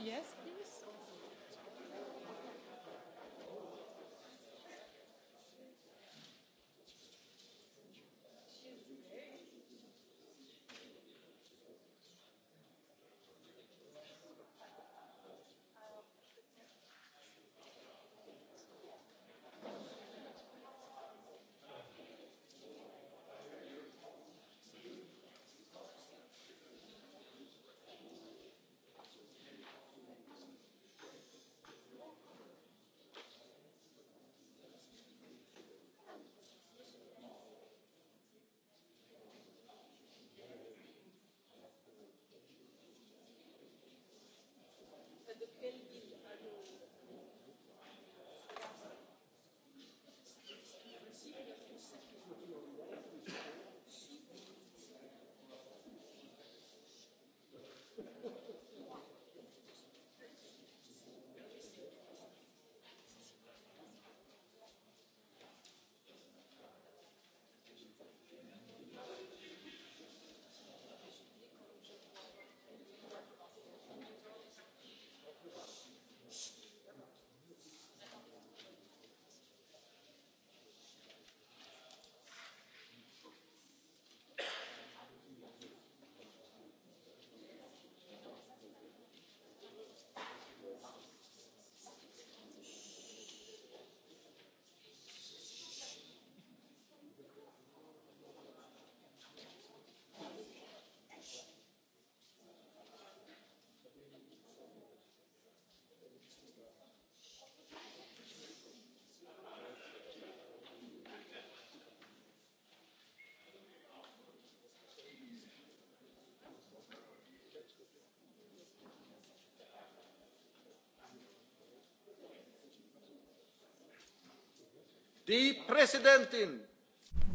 Yes.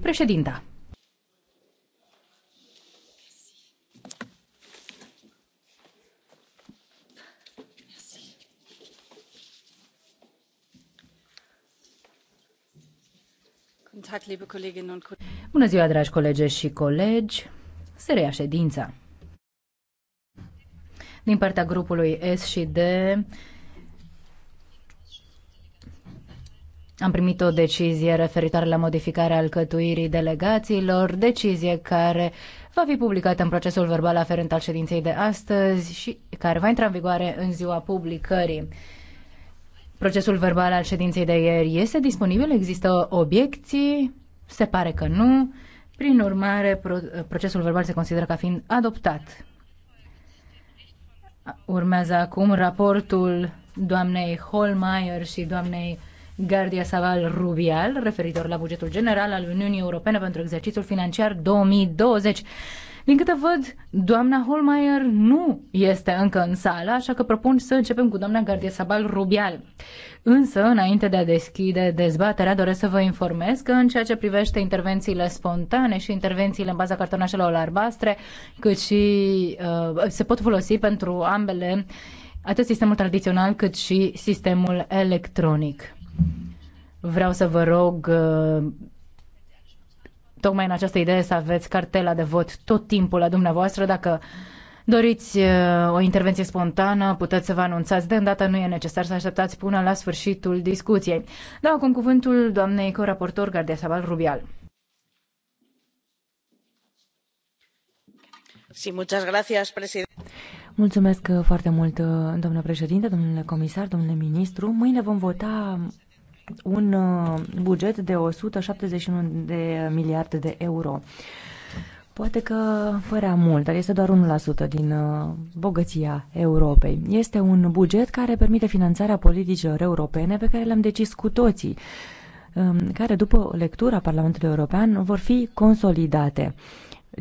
Președintă. Bună ziua, dragi colege și colegi! Se reia ședința. Din partea grupului S și D, Am primit o decizie referitoare la modificarea alcătuirii delegațiilor, decizie care va fi publicată în procesul verbal aferent al ședinței de astăzi și care va intra în vigoare în ziua publicării. Procesul verbal al ședinței de ieri este disponibil? Există obiecții? Se pare că nu. Prin urmare, procesul verbal se consideră ca fiind adoptat. Urmează acum raportul doamnei Holmeier și doamnei Gardia Saval Rubial, referitor la bugetul general al Uniunii Europene pentru exercițiul financiar 2020. Din câte văd, doamna Holmeier nu este încă în sală, așa că propun să începem cu doamna Gardia Sabal Rubial. Însă, înainte de a deschide dezbaterea, doresc să vă informez că în ceea ce privește intervențiile spontane și intervențiile în baza cartonașelor albastre, cât și uh, se pot folosi pentru ambele atât sistemul tradițional cât și sistemul electronic. Vreau să vă rog uh, tocmai în această idee să aveți cartela de vot tot timpul la dumneavoastră. Dacă doriți uh, o intervenție spontană, puteți să vă anunțați de îndată, nu e necesar să așteptați până la sfârșitul discuției. Dau acum cuvântul doamnei coraportor Gardia Sabal Rubial. Sí, muchas gracias, presidente. Mulțumesc foarte mult, domnule președinte, domnule comisar, domnule ministru. Mâine vom vota un uh, buget de 171 de miliarde de euro. Poate că părea mult, dar este doar 1% din uh, bogăția Europei. Este un buget care permite finanțarea politicilor europene pe care le-am decis cu toții, um, care după lectura Parlamentului European vor fi consolidate.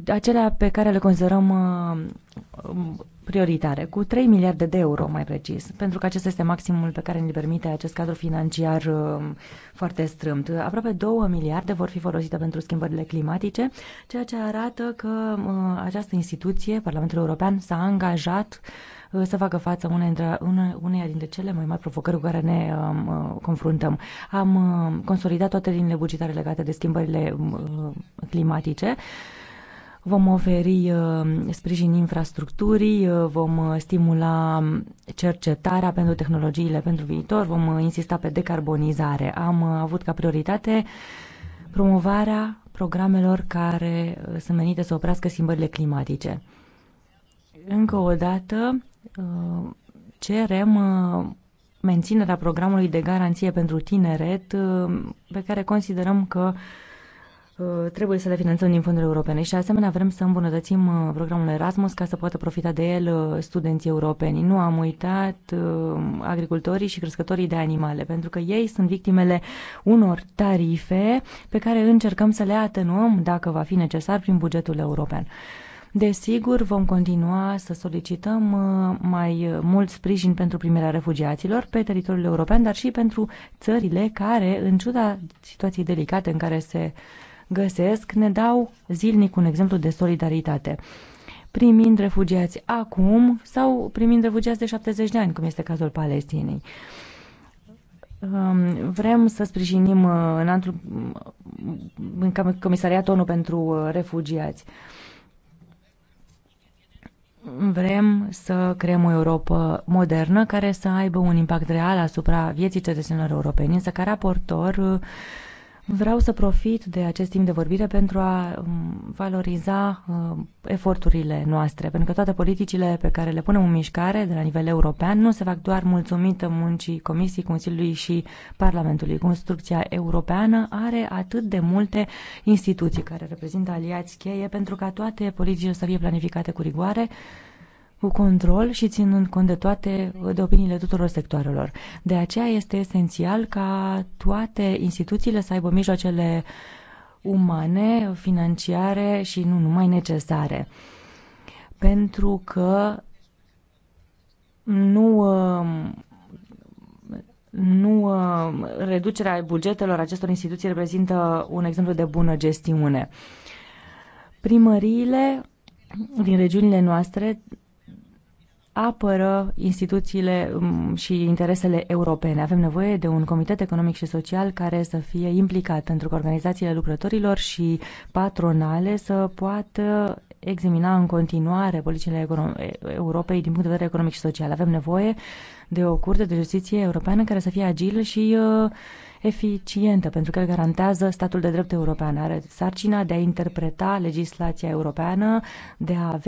Acelea pe care le considerăm uh, prioritare, cu 3 miliarde de euro mai precis, pentru că acesta este maximul pe care ne permite acest cadru financiar um, foarte strâmt. Aproape 2 miliarde vor fi folosite pentru schimbările climatice, ceea ce arată că uh, această instituție, Parlamentul European, s-a angajat uh, să facă față uneia dintre cele mai mari provocări cu care ne um, uh, confruntăm. Am consolidat toate liniile bugetare legate de schimbările climatice. Vom oferi uh, sprijin infrastructurii, uh, vom uh, stimula um, cercetarea pentru tehnologiile pentru viitor, vom insista pe decarbonizare. Am avut ca prioritate promovarea programelor care sunt menite să oprească schimbările climatice. Încă o dată cerem menținerea programului de garanție pentru tineret pe care considerăm că Uh, trebuie să le finanțăm din fonduri europene și de asemenea vrem să îmbunătățim uh, programul Erasmus ca să poată profita de el uh, studenții europeni. Nu am uitat agricultorii și crescătorii de animale, pentru că ei sunt victimele unor tarife pe care încercăm să le atenuăm dacă va fi necesar prin bugetul european. Desigur, vom continua să solicităm mai mult sprijin pentru primirea refugiaților pe teritoriul european, dar și pentru țările care, în ciuda situației delicate în care se găsesc ne dau zilnic un exemplu de solidaritate primind refugiați acum sau primind refugiați de 70 de ani, cum este cazul Palestinei. Um, vrem să sprijinim uh, în, altul, în Comisariatul ONU pentru uh, refugiați. Vrem să creăm o Europa modernă care să aibă un impact real asupra vieții cetățenilor europeni, însă ca raportor uh, Vreau să profit de acest timp de vorbire pentru a um, valoriza uh, eforturile noastre, pentru că toate politicile pe care le punem în mișcare de la nivel european nu se fac doar mulțumită muncii Comisiei, Consiliului și Parlamentului. Construcția europeană are atât de multe instituții care reprezintă aliați cheie pentru ca toate politicile să fie planificate cu rigoare, cu control și ținând cont de toate de opiniile tuturor sectoarelor. De aceea este esențial ca toate instituțiile să aibă mijloacele umane, financiare și nu numai necesare. Pentru că nu um, nu um, reducerea bugetelor acestor instituții reprezintă un exemplu de bună gestiune. Primăriile din regiunile noastre apără instituțiile mm, și interesele europene. Avem nevoie de un comitet economic și social care să fie implicat pentru că organizațiile lucrătorilor și patronale să poată examina în continuare politicile Europei din punct de vedere economic și social. Avem nevoie de o curte de justiție europeană care să fie agilă și uh, eficientă, pentru că el garantează statul de drept european. Are sarcina de a interpreta legislația europeană, de a avea